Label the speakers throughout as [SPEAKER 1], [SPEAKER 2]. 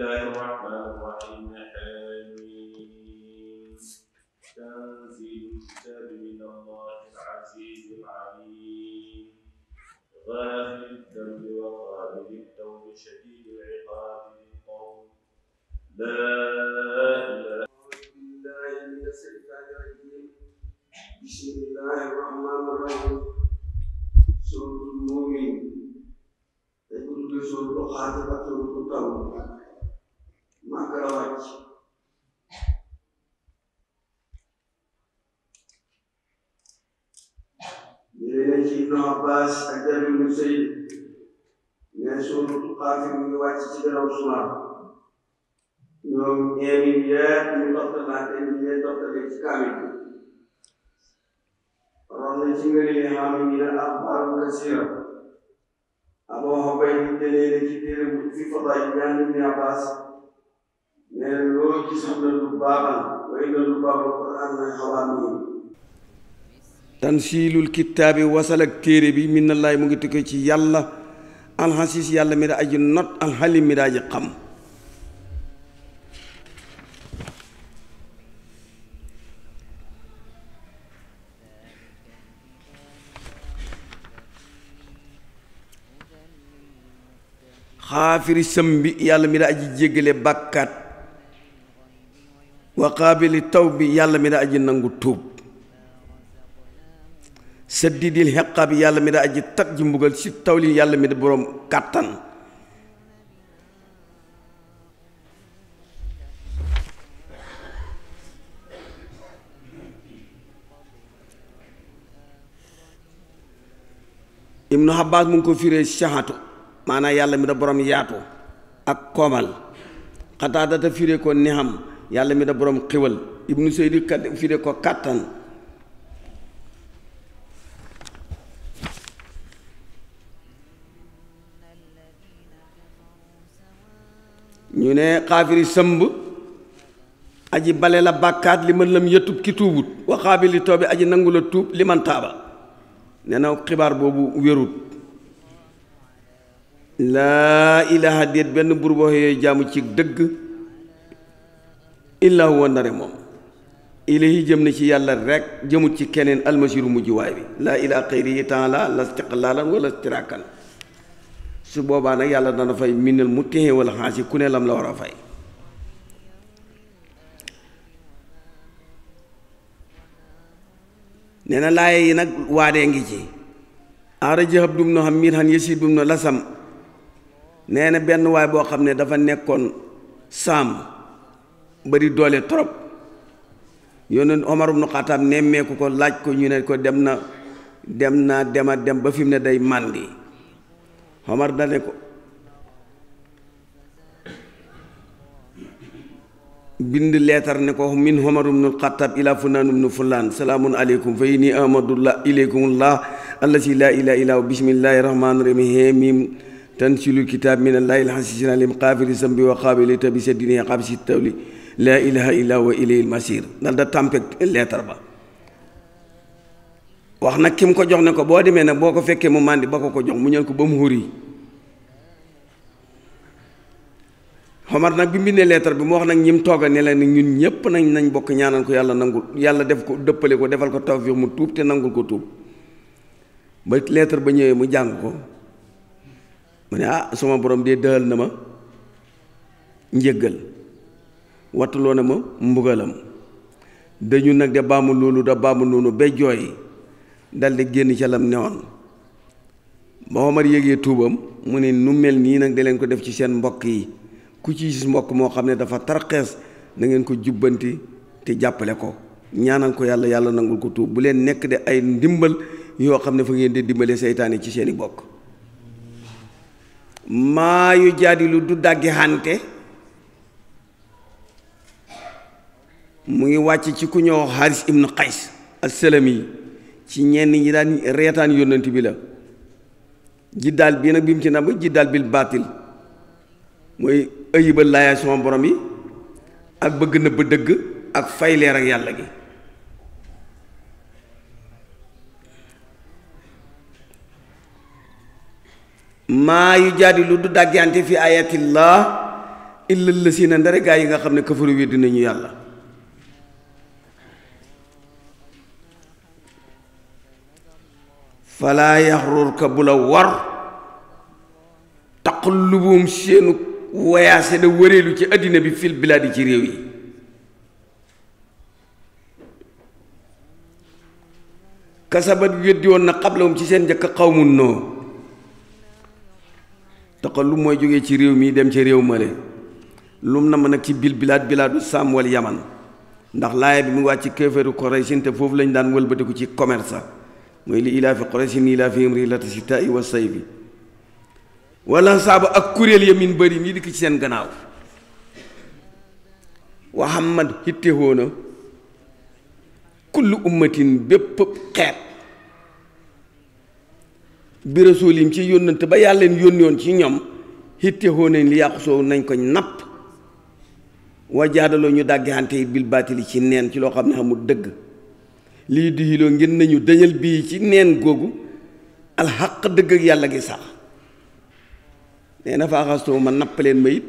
[SPEAKER 1] الله الرحمن الرحيم حميد تنزيل الكتاب من الله العزيز العليم غافل الذنب وقابل التوب شديد العقاب للقوم لا اله بالله من الشيطان الرجيم بسم الله الرحمن الرحيم سورة المؤمن يقول سورة خاتمة القرآن magarawarki Yerine Ibn Abbas, Hacer bin Hüseyin, Mesut Kafim Üniversitesi'den olsunlar. Ñoom ñeemi yépp ñu toxtalaate ñu leen toxtalee ci kaamil bi. Ron na ci ngëri li xam ni la akhbaru kasira. Abu Hubayb jëlee na ci yang bu Abbas, neen loo gis wasal ak téere bi min laay mu ngi tukkee ci yàlla alxasiis yàlla mi daa aji not alxalim mi daa aji xam xaafiri sëm yàlla mi daa aji jéggale bàkkaat wa qaabili tawbi yàlla mi daa aji nangu tuub saddidil xiqaabi yàlla mi daa aji tat ji mbugal si tawli yàlla mi da boroom kàttan ibnu habbaas mu ngi ko firee saxatu maanaam yàlla mi da boroom yaatu ak koomal xataata firee ko nexam yàlla mi da borom xiwal ibnu seydi kat fi de ko kàttan ñu ne xaafiri sëmb aji bale la bàkkaat li man lam yëtub ki tuubut wa xaabili toobi aji nangu la tuub li man taaba nee na xibaar boobu wérut laa ilaha déet benn buur boo yooyu jaamu ci dëgg illaa huwa ndare moom ilahi jëm na ci yàlla rekk jëmut ci keneen almasiru mujjuwaay bi laa ilaa xayrihi taala la istiqlaalan wala istiraakan su boobaa nag yàlla dana fay minal mu téxe wala xaasi ku ne la war a fay nee na laaye yi nag waadee ngi ci arajëhab dum no xam miir xan yësi dum no lasam nee benn waay boo xam ne dafa nekkoon saam bari doole trop yoneen Omar ibnu Xattaab nemmeeku ko laaj ko ñu ne ko dem na dem naa dema dem ba fi mu ne day màndi Omar dane ko bind leetar ne ko min Omar ibnu Xattaab ila fulaan ibnu fulaan salaamun aleykum fa inni ahmadullah ileykumullah allasi laa ilaaha illaa huwa bismillahi rahmaani rahiim mim tansilul kitaab min allahi al-aziiz al-aliim qaafiri zambi wa qaabili tabi si tawli la ilaha illa wa al masir dal da tampé lettre ba wax nak kim ko jox ne ko bo demé nak boko féké mu mandi bako ko jox mu ñël ko bam huri Omar nak bi mbindé lettre bi mo wax nak ñim toga ne la ñun ñepp nañ nañ bok ñaanal ko yalla nangul yalla def ko deppele ko defal ko tawfiq mu tuup te nangul ko tuup ba lettre ba ñewé mu jang ko mu ah suma borom dé dal na ma njëggal wattuloo na mo mbugalam dañu nak de baamu lulu da baamu noonu be joy dal di genn ci lam neewon ba Omar yegge tubam mu ne nu mel nii nak de len ko def ci sen mbokk yi ku ci gis mbokk mo xamne dafa tarxes na ngeen ko jubanti te jappale ko ñaanal ko yalla yalla nangul ko tuub bu len nek de ay ndimbal yo xamne fa ngeen de dimbalé setan ci seeni bokk ma yu jadilu du hanté mu ngi wàcc ci ku ñëw Haris ibnu Qays as-Salami ci ñenn ñi daan reetaan yónnent bi la jiddaal bii nag bi mu ci namm jiddaal bil baatil mooy ayibal laaya sama borom yi ak bëgg nëbb dëgg ak fayleer ak yàlla gi maa yu jaadi lu du dàggante fi ayatillah illa lasina ndare gaa yi nga xam ne kafaru weddi nañu yàlla falaa yaxrurka bu la war taqallubum seenu wayaase da wëreelu ci àddina bi fil bilaadi ci réew yi kasabat weddi woon na xablawum ci seen njëkk xaw xawmun noo taqallub mooy jógee ci réew mii dem ci réew male lum na ma nag ci bil bilaat bilaadu saam wal yaman ndax laaya bi mu wàcc kéeféeru Quraysin te foofu lañu daan wëlbatiku ci commerce mooy li ilaa fi qurayshin ilaa fihim rihlata sitaa'i wa sayfi wala saaba ak kuréel ya min bëri ñi dikk ci seen gannaaw wa hammad hittewoo na kullu ummatin bépp xeet bi rasulim ci yónnante ba yàlla leen yónnoon ci ñoom hittewoo nañ li yàqu soow nañ ko napp wa jaadaloo ñu dàggante yi bil baatili ci neen ci loo xam ne amul dëgg lii di xiloo ngeen nañu dañal bii ci neen googu alxaq dëgg ak yàlla gi sax nee na fa axastoo ma napp leen ma it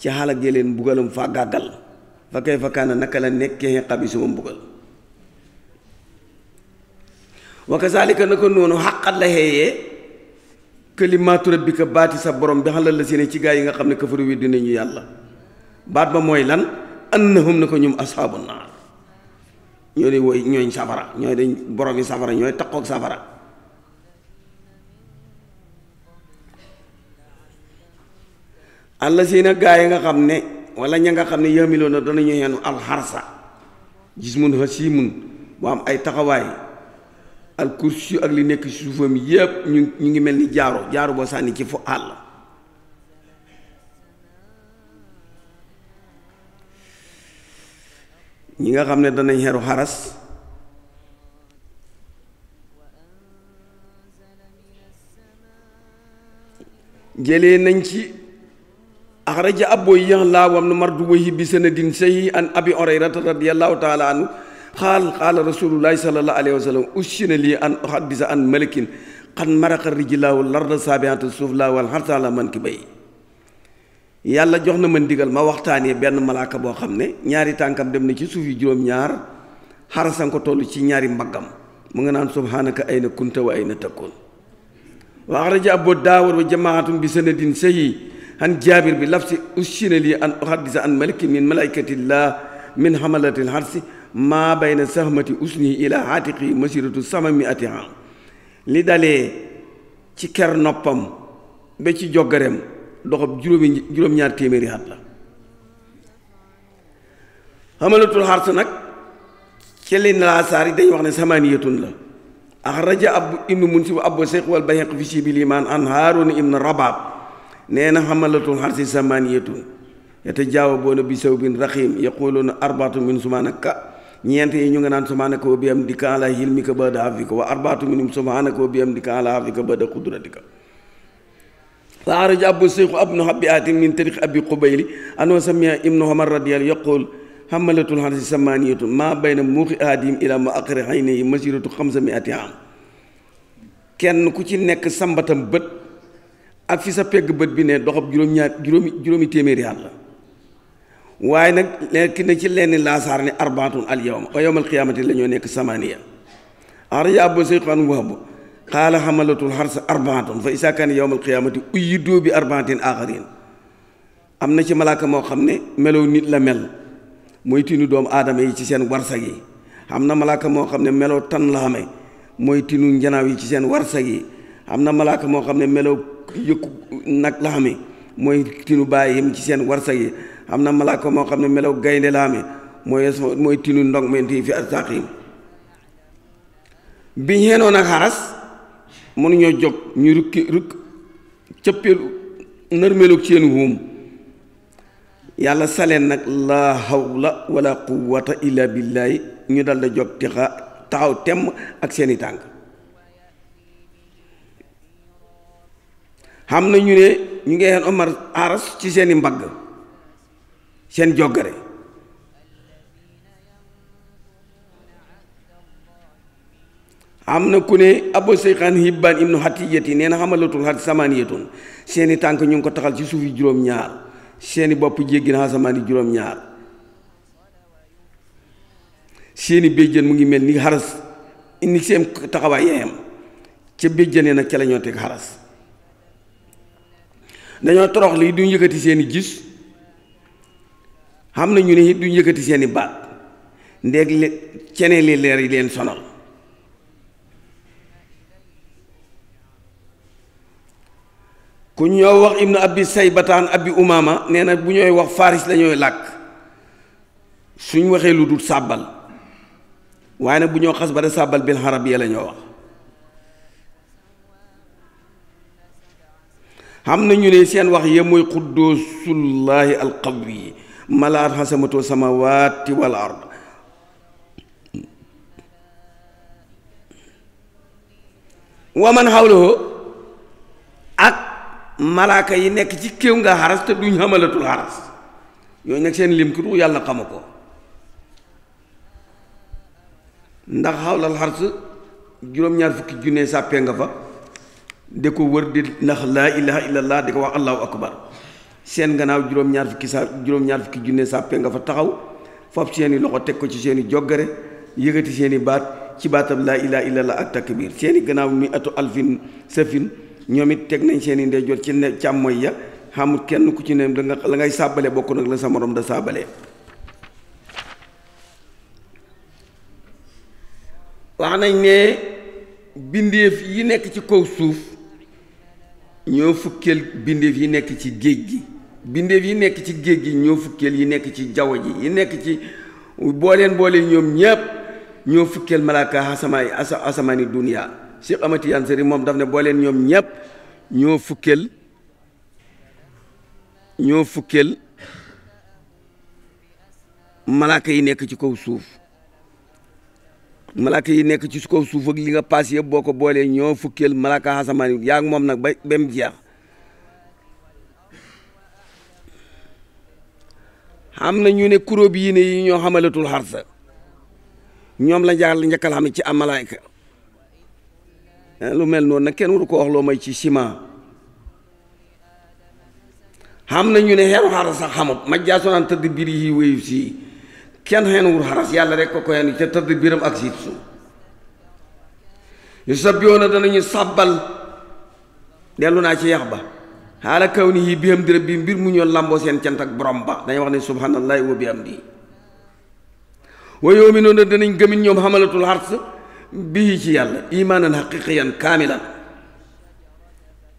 [SPEAKER 1] ci xaalag yi leen mbugalam faa gàggal fa kay fa kaana naka la nekkee xab yi suma mbugal wa na ko noonu xaqat la xeeyee kalimaatu rabbika baati sa borom bi xalal la seeni ci gaa yi nga xam ne kafaru wi dinañu yàlla baat ba mooy lan annahum na ko ñum asxaabu naar ñoo di woy ñooñ safara ñooy dañ boromi safara ñooy takkook safara àlla seena gaa yi nga xam ne wala ña nga xam ne yamiloo na danañu yenu alxarsa gis mun hasimun bu am ay taxawaay al kursi ak li nekk suufam yépp ñu ñu ngi mel ni jaaro jaaro boo sànni ci fu àll ñi nga xam ne danañ xeru xaras jëlee nañ ci axraja abawayhi laawam nu marduwayhi bi sanadin sahiih an abi hurayrata radiyallahu taala anhu qaal qaala rasulullahi sallallahu alayhi wa sallam ushina lii an uhaddisa an malikin qad maraqa rijlaahu larda saabiata suuf laa wal xarsa ala man ki bay yàlla jox na ma ndigal ma waxtaanee benn malaaka boo xam ne ñaari tànkam dem na ci suuf yi juróom-ñaar xarasan ko toll ci ñaari mbaggam mu nga naan subhaanaka ay na kunta wa ay na takkoon wa axraja abu daawud wa jamaatum bi sanadin sayi an jaabir bi lafsi ushina lii an uhaddisa an maliki min malaikatillah min hamalati lharsi maa bayna sahmati usnihi ila haatiqi masiratu sama mi ati am li dalee ci ker noppam ba ci joggareem doxob juróomi juróom-ñaar téeméeri at la xamalatul xars nag ci li nalaasaar yi dañ wax ne samaniyatun la axraja ab ibnu munsi bu abbo seex wal bayhaq fi si bi limaan an haaruna na rabaab nee na xamalatul xarsi samaniyatun yatajaawaboona bi saw bin raxiim yaquluuna arbaatu min sumaanaka ñeent yi ñu nga naan subhaanaka wa bihamdika ala hilmika bada afika wa arbaatu minum subhaanaka wa bihamdika ala afika bada qudratika فعرج أبو الشيخ ابن أبي آت من طريق أبي قبيل أنه سمع ابن عمر رضي الله يقول حملة الحرث ثمانية ما بين موخ آدم إلى ما أقر عينيه مسيرة خمسمائة عام kenn ku ci nekk sambatam bët ak fi sa pegg bët bi ne doxab juróom ñaar juróomi juróomi téeméeri at la waaye nag nekk na ci lenn laasaar ne arbaatun al yawma wa yawmal qiyaamati la ñoo nekk samaniya araja abu seyqan wahab قال حملة الحرس أربعة فإذا كان يوم القيامة أيدوا بأربعة آخرين am na ci malaaka moo xam ne melow nit la mel mooy tinu doomu aadama yi ci seen warsag yi am na malaaka moo xam ne melow tan la amee mooy tinu njanaaw yi ci seen warsag yi am na malaaka moo xam ne melow yëkku nag la amee mooy tinu bàyyim ci seen warsag yi am na malaaka moo xam ne melow gaynde la amee mooy mooy tinu ndog menti fi arsaqim bi ñeenoon ak xaras mënuñoo jóg ñu rukki rukk cëppeelu nërmeelu ci yéen wuum yàlla saleen nag laa hawla wala quwata illa billahi ñu dal da tixa taxaw temm ak seeni tànk xam na ñu ñu ngi xeen Omar aras ci seeni mbagg seen joggare amna ku ne abu seyxaan hibban ibnu hatiyati nee na xamalatul hat samaniyatun seeni tank ñu ko taxal ci suufi juroom ñaar seeni bop jéggi na samani juroom ñaar seeni bejeen mu ngi melni ni ni seen taxawaay yaayam ca béjjënee nag ca la ñoo torox li duñ yëkëti seeni gis xamna na ñu ne it yëkëti seeni baat ndek le cene li leer yi leen sonal ku ñoo wax ibnu abi saybataan abi umama nee na bu ñooy wax faris la lak làkk suñ waxee lu dul sàbbal waaye nag bu ñoo xas ba de sàbbal bil xarabiya la ñoo wax xam na ñu ne seen wax ya mooy xuddusullaahi alqawi malaat xasamatu samawaati wal ard wa man xawlahu malaaka yi nekk ci kéew nga xaras te duñ xamalatul xaras yooyu nag seen lim ku yàlla xama ko ndax xawlal xars juróom-ñaar fukki junne sàppee nga fa di ko wër di ndax laa ilaha illallah di ko wax allahu akbar seen gannaaw juróom-ñaar fukki sa juróom junne sàppee nga fa taxaw fab seeni loxo teg ko ci seeni joggare yëgati seeni baat ci baatam laa ilaha illallah ak takbir seeni gannaaw mi atu alfin safin ñoom it teg nañ seen i ndeyjoor ci ne càmmoñ ya xamul kenn ku ci ne danga la ngay sàbbale bokk nag la sa morom da sàbbale wax nañ ne bindeef yi nekk ci kaw suuf ñoo fukkeel bindeef yi nekk ci géej gi bindeef yi nekk ci géej gi ñoo fukkeel yi nekk ci jaww ji yi nekk ci booleen booleen ñoom ñepp ñoo fukkeel malaaka asamaay asamaani duniyaa si amati Tidiane Seri moom daf ne booleen ñoom ñëpp ñoo fukkeel ñoo fukkeel malaaka yi nekk ci kaw suuf malaaka yi nekk ci kaw suuf ak li nga paas yëpp boo ko boolee ñoo fukkeel malaaka asamaan yi moom nag ba ba mu jeex am na ñu ne kuróob yi ne yi ñoo xamalatul xarsa ñoom la jaar la njëkkal xam ci am malaayka Eh, lu mel noonu nag kenn waru ko wax loo may ci ciment xam na ñu ne xeenu xaras sax xamut maj tëdd biir yi wéyu si kenn xeenuwul xaras yàlla rek ko ko xeen ca tëdd biiram ak siit su yu sabbihoona danañu sàbbal dellu naa ci yax ba xaala kaw ni yi bi ham di bi mbir mu ñoo làmboo seen cant ak borom ba dañuy wax ne subhanallaahi wa bi am di wa yoomi noonu danañ gëmin ñoom xamalatul xars bii ci yàlla imaanan haqiqiyan kaamilan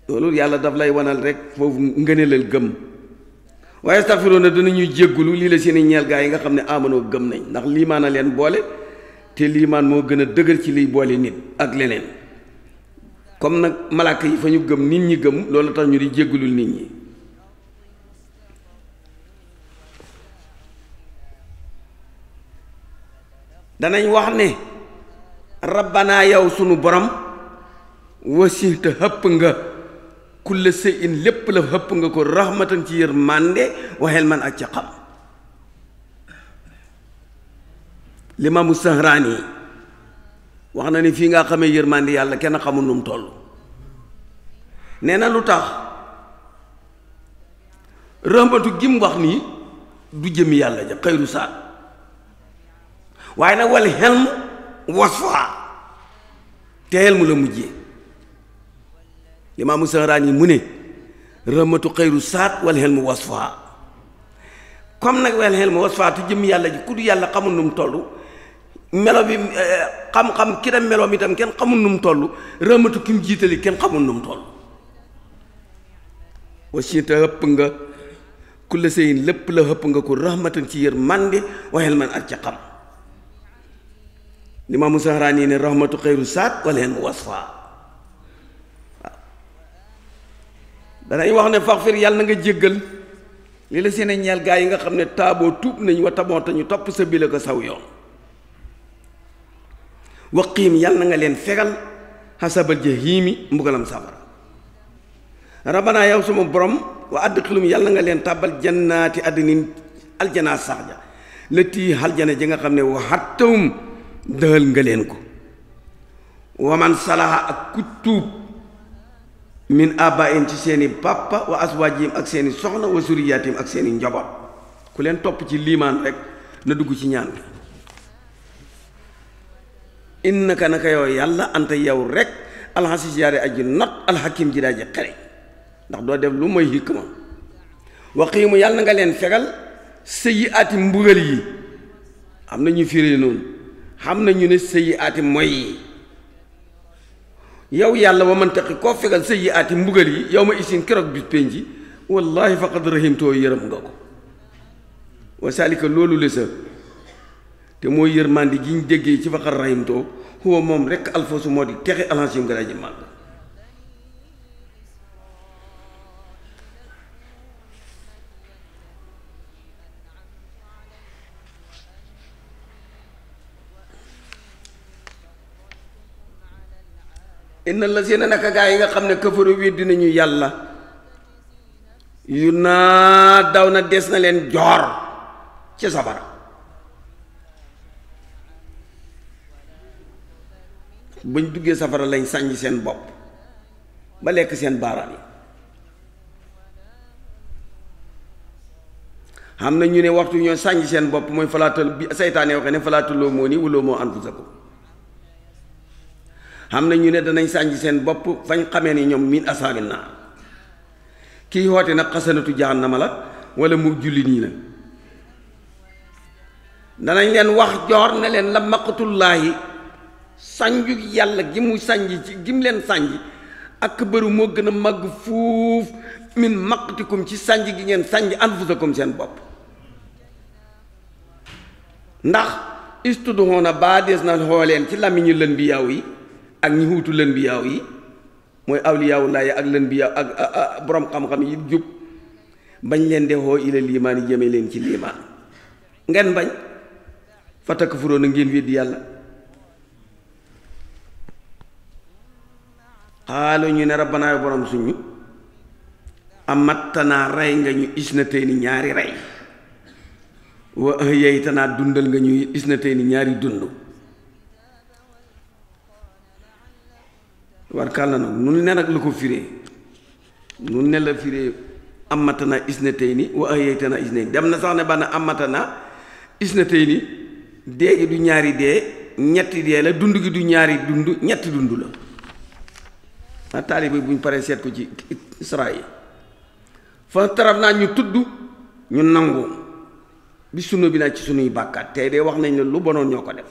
[SPEAKER 1] loolu yàlla daf lay wanal rek foofu ngëneelal gëm waaye astaghfiruuna danañuy jéggulu lii la seeni ñeel gaa yi nga xam ne amanoo gëm nañ ndax liimaana leen boole te liimaan moo gën a dëgër ci liy boole nit ak leneen comme nag malaaka yi fa ñu gëm nit ñi gëm loolu tax ñu di jéggulul nit ñi danañ wax ne rabbanaa yow sunu borom wasita xëpp nga kulla sey in lépp la xëpp nga ko rahmatan ci yër mànde waxeel man ak ca xam limaamu sahraani yi wax na ni fii nga xamee yër mànde yàlla kenn xamul nu mu toll nee na lu tax rahmatu gim wax nii du jëm yàlla ja xëyru saat waaye nag wal xelm wasfa teel mu la mujjee limaamu Sahraani yi mu ne rahmatu xayru saat wal xel mu wasfa comme nag wal xel mu wasfa te jëm yàlla ji ku yàlla xamul nu mu toll melo bi eh, xam-xam ki dem melo mi itam kenn xamul nu mu toll rahmatu ki jiitali kenn xamul nu mu toll wasita hëpp nga ku la sëyin lépp la hëpp nga ko rahmatan ci yër mànde waxel man ak ca xam limaamu Sahraani ini rahmatu khairu sat wala hen wasfa danañ wax ne faghfir yalla nga jegal li la seen ñal gaay nga xamne tabo tup tuub nañ wa tabo tañu top sa la ko saw yoon waqiim yàlla na nga len fegal hasabal jahimi mbugalam safar rabbana yow sama borom wa adkhilum yalla nga len tabal jannati adnin aljana sahja ja haljana ji nga xam ne dëxal nga leen ko waman salaha ak ku tuub min abain ci seeni pàppa wa aswaajihim ak seeni soxna wa suriyaatihim ak seeni njaboot ku leen topp ci liimaan rek na dugg ci ñaan bi innaka naka yow yàlla anta yow rek alxasis yaare aji not alxakim ji daa ji xere ndax doo def lu mooy hikma waxiimu yàlla nga leen fegal sëyi ati mbugal yi am na ñu firee noonu xam nañu ne sëyi aati mooy yi yow yàlla wa man taqi koo fegal sëyi aati mbugal yi yow ma isin keroog bis penc ji wallaahi faqad rahimtoo yërëm nga ko wasaalika loolu la sa te mooy yërmandi gi ñu déggee ci faqad rahimtoo huwa moom rekk alfasu moo di texe alhans yum nga inna la seen naka gaa yi nga xam ne këfaru weddi nañu yàlla yu naa daw na des na leen joor ci sabara bañ duggee safara lañ sànj seen bopp ba lekk seen baaraam yi xam na ñu ne waxtu ñoo sànj seen bopp mooy falaatal bi seytaane waxe ne falaataloo moo nii wuloo moo anfusakum xam na ñu ne danañ sànj seen bopp fañ xamee ni ñoom min asaabi naar kii woote nag xasanatu jahannama la wala mu julli nii la danañ leen wax joor ne leen la maqatullaahi sànju yàlla gi mu sànj gi mu leen sànj ak bëru gën a màgg fuuf min maqtikum ci sànj gi ngeen sànj anfusakum seen bopp ndax istuduhoona baa des na xooleen ci làmmiñu lën bi yaw yi ak ñi wuutu lën bi yi mooy awliyaawu laay ak lën ak boroom xam-xam yi jub bañ leen de woo ila liimaan yi jëme leen ci liimaan ngeen bañ fa takk furoon a ngeen weddi yàlla xaalo ñu ne rabbanaa borom suñu amattanaa rey nga ñu isnatayni ñaari rey wa ahyaytanaa dundal nga ñu isnatayni ñaari dund tubaarkàlla nag nun ne nag la ko firee nun ne la firee amatana isnatayni ni ahyaytana isnayni dem na sax ne bana amatana isnatayni dee gi du ñaari dee ñetti dee la dund gi du ñaari dund ñetti dund la waa taaliba bu ñu paree seet ko ci isra yi fa taraf naa ñu tudd ñu nangu bi sunu bi naa ci sunuy bàkkaat tey de wax nañ ne lu bonoon ñoo ko def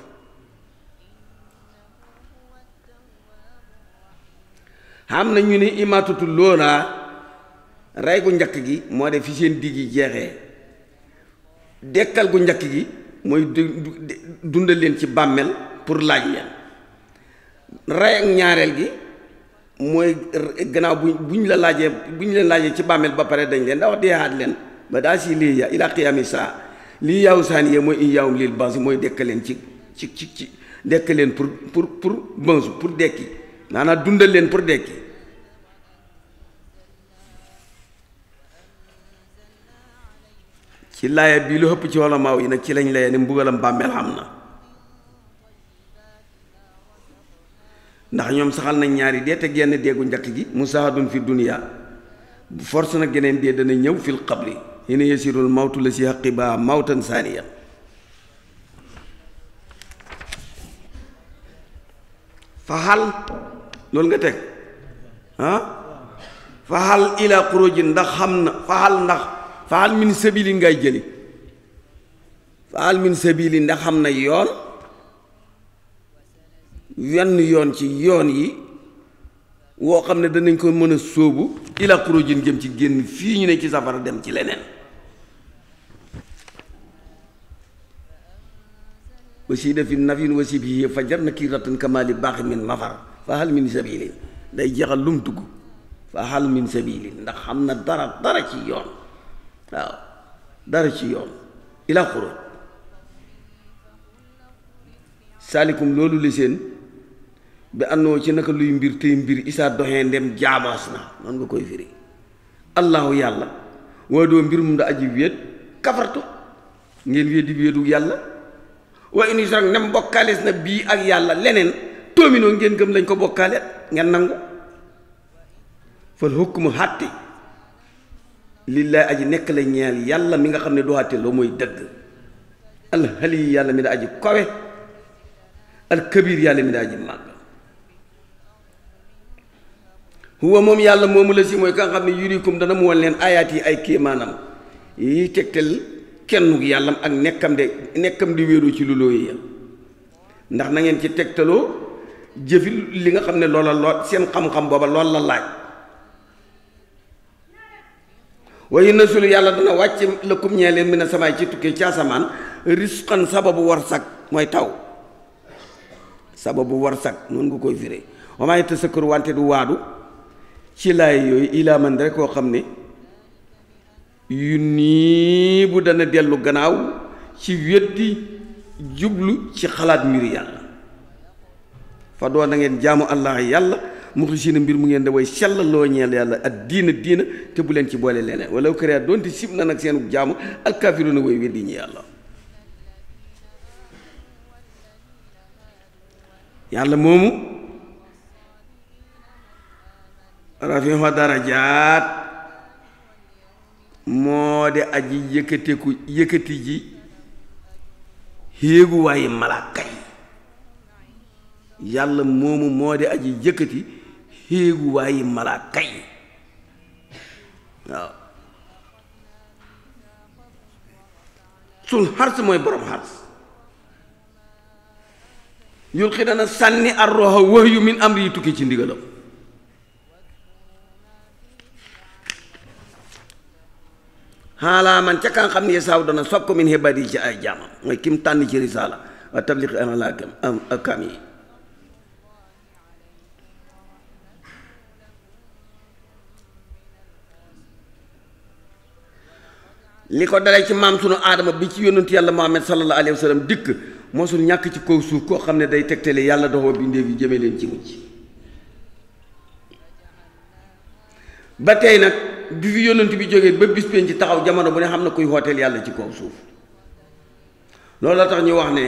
[SPEAKER 1] xam na ñu ni imatatu loolaa rey gu njëkk gi moo de fi seen digg yi jeexee dekkal gu njakk gi mooy dundal leen ci bàmmeel pour laaj leen rey ak ñaareel gi mooy gannaaw bu bu ñu la laajee bu ñu leen laajee ci bàmmeel ba pare dañ leen daa wax deeaat leen ba daa si lii ya ila qiyaami saa lii yaawu saan yee mooy i yaawum lil bansu mooy dekk leen ci ci ci ci dekk leen pour pour pour bansu pour dekki Nana dundal len pour dekki ci laye bi lu ëpp ci maw yi nak ci lañ laya ni mbugalam bammel xam ndax ñom saxal nañ ñaari de te genn degu njëkk gi musahadun fi dunia force nak geneen de dana ñew fil qabri ina yasirul maut la si haqiba mautan saniya fa hal loolu nga teg ah faxal ila xuróji ndax xam na faxal ndax faxal min sabili ngay jëli faxal min sabili ndax xam na yoon wenn yoon ci yoon yi woo xam ne danañ ko mën a sóobu ila xurójin jëm ci génn fii ñu ne ci safara dem ci leneen wasiida fi nafin wasib yi fajar na kii rattan kamali baax min nafar fa hal day jeexal lu mu dugg fa ndax xam na dara dara ci yoon waaw dara ci yoon ila xuróot saalikum loolu li seen bi àndoo ci naka luy mbir tey mbir isaa doxee ndem jaamaas na noonu nga koy firi allahu yàlla waa doo mbir mu da aji wéet kafartu ngeen wéet di wéetu yàlla waa indi sax ndem bokkaalees na bii ak yàlla leneen dominoo ngeen gëm lañ ko bokkaale ngeen nangu fal hukmu hàtte lillaay aji nekk la ñeel yàlla mi nga xam ne du hàtte loo mooy dëgg alxali yàlla mi da aji kowe alkabir yàlla mi da aji màgg huwa moom yàlla moomu la si mooy ka xam ne yurikum dana mu leen ayaat yi ay kéemaanam yi tegtal kenn yàllam ak nekkam de nekkam di wéeru ci lu looyu ya ndax na ngeen ci tegtaloo jëfi li nga xam ne loola lool seen xam-xam booba lool la laaj nasul yalla dana wacc la kum ñeele mi sama ci tukki ci asaman risqan sababu war moy taw sababu war non nga koy firé wamaay te sa wante du wadu ci lay yoy ila man rek ko ne bu dana delu gannaaw ci weddi jublu ci xalaat mbir yalla fa doo ngeen jaamu allah yàlla muxlisina mbir mu ngeen da way sellal ñeel yàlla ak diina diina te bu leen ci boole leneen wala kariha doonte sib na nag seenu jaamu alkaafiruna way weddi ñi yàlla yàlla moomu rafihu darajaat moo de aji yëkkateku yëkkati ji héegu waaye malaaka yalla momu moo di aji yëkkati xéeguwaayi malaaka yi waaw sul xars moy borom hars yul xi dana sànni min amri tukki ci ndigalam hala man ca kan xamni ne dana sopp min hebadi ci ay jaamam moy kim tan ci risala wa tabliq am akami li ko dalee ci maam sunu aadama bi ci yónnent yàlla Muhammad sallallahu alayhi wa dikk mosul ñàkk ci kaw suuf koo xam ne day tegtale yàlla doxoo bindéef bi jëme leen ci mujj ba tey nag bi fi yónnent bi jógee ba bis pénc ci taxaw jamono bu ne xam na kuy hooteel yàlla ci kaw suuf loolu la tax ñu wax ne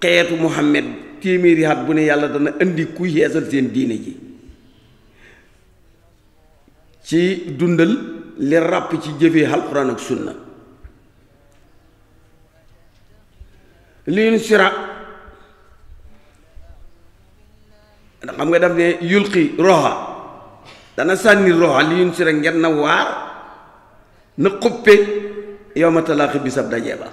[SPEAKER 1] xeetu Muhammad téeméeri at bu ne yàlla dana indi kuy yeesal seen diine ji ci dundal li ràpp ci jëfee alxuraan ak sunna liin sira xam nga daf ne yulqi roxa dana sànni roxa liin sira ngeen na waar na xuppe yow ma bi bisab daje ba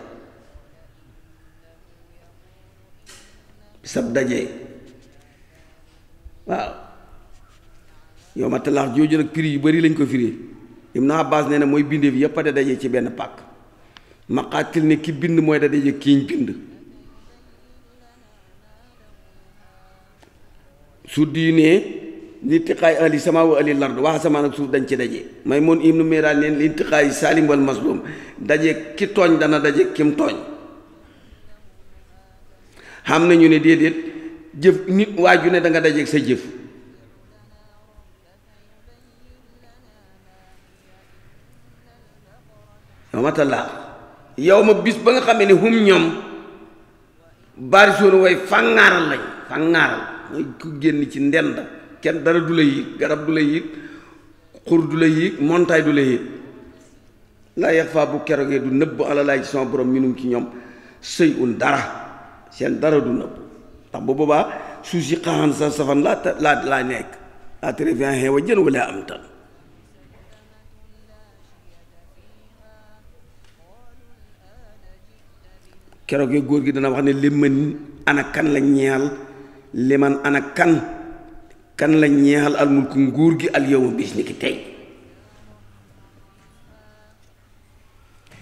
[SPEAKER 1] sab daje waaw yow ma talaax jooju nag prix yu bari lañ ko firi na Abbas nee na mooy bindeef yépp a da daje ci benn pàkk maqaatil ne ki bind mooy da daje kiiñ bind su diinee li tiqaay ahli sama wa ahli lard wax asamaan ak suuf dañ ci daje may moon ibnu miiraan neen li tiqaay saalim wal maslum daje ki tooñ dana daje kim tooñ xam nañu ne déedéet jëf nit waaju ne da nga dajeeg sa jëf wamatallah yow ma bis ba nga xamee ne hum ñoom bari suunu way fàngaaral lañ fàngaaral mooy ku génn ci ndend kenn dara du la yëg garab du la yëg xur du la yëg montaay du la yëg laa yàq faa bu kerogee du nëbb ala laay ci sama borom minum ci ñoom sëy un dara seen dara du nëbb ndax bu boobaa suuf si sa safan laa laa nekk laa tere fi xeewa jën wala am tan keroog yo góor gi dana wax ne liman ana kan la ñeel liman ana kan kan la ñeexal al mulku nguur gi al yowma bis ni ki tey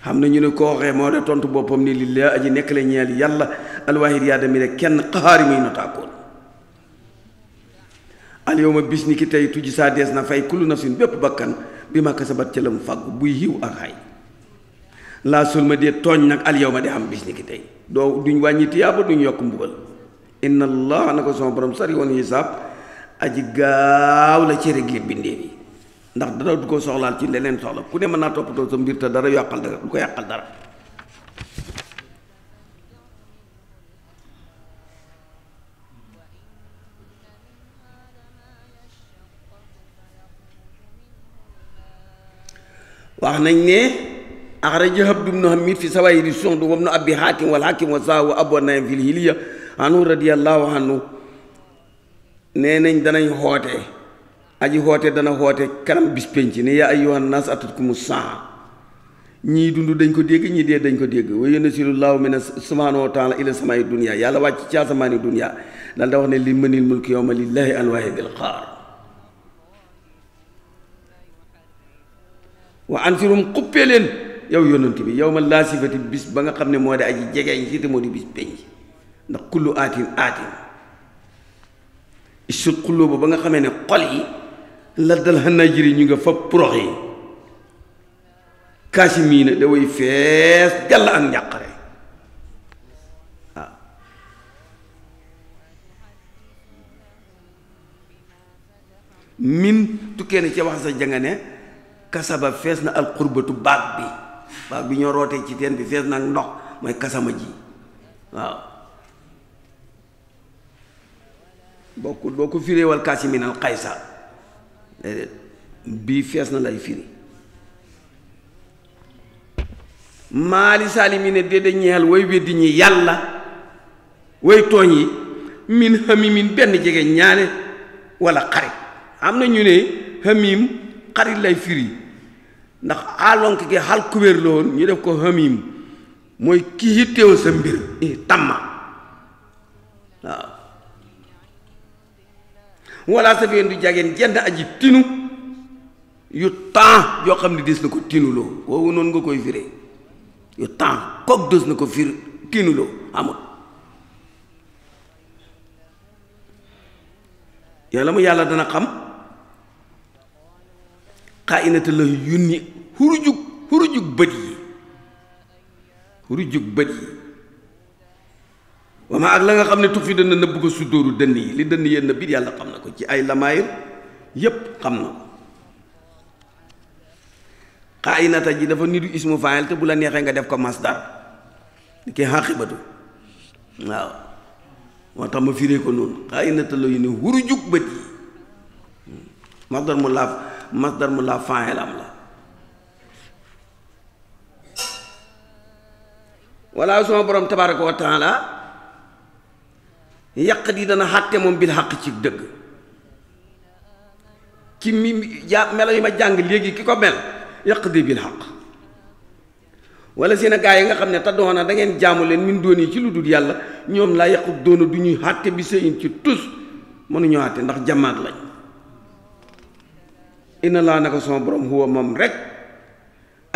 [SPEAKER 1] xam na ñu ne ko waxee moo de tontu boppam ni lillaa aji nekk la ñeexal yàlla alwaahid yaa dami ne kenn xaari muy notaakoon al yowma bis ni ki tey tuji saa dees na fay kullu nafsin bépp bakkan bi ma kasabat ca la mu fàggu buy yiw ak xay laasul ma dee togn nak al yawma di am bis ni ki tay do duñ wañi tiyaaba duñ yok mbugal inna allah nako so borom sari won hisab aji gaaw la ci regle bindee bi ndax dara du ko soxlaal ci leneen soxla ku ne mën top do sa mbir ta dara yakal dara du ko yakal dara wax nañ ne أخرجه ابن حميد في سوائد السند وابن أبي حاتم والحاكم وساه أبو نعيم في الهلية عنه رضي الله عنه نينين دناي هوتي aji hoote dana hoote kanam bis penc ne yaa ayyuhan naas atatkumu saa ñii dund dañ ko dégg ñii dee dañ ko dégg wa yunazzilullaahu mina subhaanahu wa taala ila samaa'i dunya yàlla wàcc ci asamaani dunya daal da wax ne li mënil mulki yawma lillaahi alwaahidil qahaar wa anfirum xuppee leen yow yonent bi yow ma laa sifati bis ba nga xam ne moo de aji jegeeñ si te moo di bis penc ndax kullu aatin aatin isul xulloo ba ba nga xamee ne xol yi la dal xanaa jëri ñu nga fa prox yi kaasimiina da way fees gàll ak njàqare waaw min tukkee ne ca wax sa janga kasaba fees na alxurbatu baat bi waaw bi ñoo rootee ci teen bi fees nag ndox mooy kasama ji waaw boo ko boo ko firéewal kaasiminal xaysa bii fees na lay firi maali saalimi ne déedéet ñeexal way weddi ñi yàlla way tooñ yi min hamimin benn jege ñaane wala xarit am na ñu ne hamim xarit lay firi ndax alonk gi xal kubéer la woon ñu def ko hamim mooy kii yitteewul sa mbir tamma waaw walla sa feen du jageen jenn aji tinu yu temps yoo xam ne des na ko tinuloo woowu noonu nga koy firee yu temps kook des na ko fir tinuloo amul yàlla mu yàlla dana xam xaayinata la yunni hurujug hurujug bët yi hurujug bët yi wama ak la nga xam ne tux fi dana nëbb ko sudóoru dënn yi li dënn yéen na biir yàlla xam na ko ci ay lamaayir yépp xam na ko xaayinata ji dafa nidu ismu faayil te bu la neexee nga def ko masdar di koy xaqibatu waaw moo tax ma firee ko noonu xaayinata la yu ne hurujug bët yi hmm. masdar mu laaf masdar mula fa'il amla wala suma borom tabaraka wa ta'ala yaqdi dana hatte mom bil haqq ci deug ki mi ya melo yima jang legi kiko mel yaqdi bil haqq wala seen gaay nga xamne tadoona da ngeen jaamu len min dooni ci ludul yalla ñom la yaqub doona duñu hatte bi seen ci tous mënu ñu hatte ndax jamaat lañ inna laa naka sama borom huwa moom rek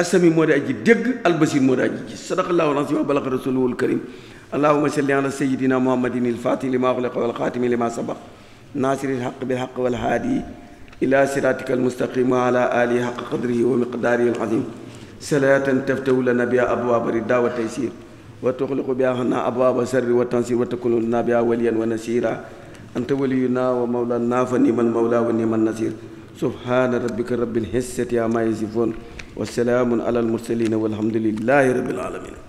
[SPEAKER 1] asami moo di aji dégg albasir moo di aji gis sadaqallahu lansi wa balaqa rasuluhu alkarim allahuma salli ala sayidina muhammadin alfatih lima uxliqa walxaatimi lima sabaq nasiri alxaq bilxaq walhaadi ila siratika almustaqim wa ala alihi xaqa qadrihi wa miqdaarihi alazim salatan taftahu lana biha abwaaba rida wa taysir wa tuxliqu biha xana abwaaba sarri wa tansir wa takunu lana biha waliyan wa nasira anta waliyuna wa mawlana fa nima almawla wa nima annasir سبحان ربك رب الحسة عما يصفون وسلام على المرسلين والحمد لله رب العالمين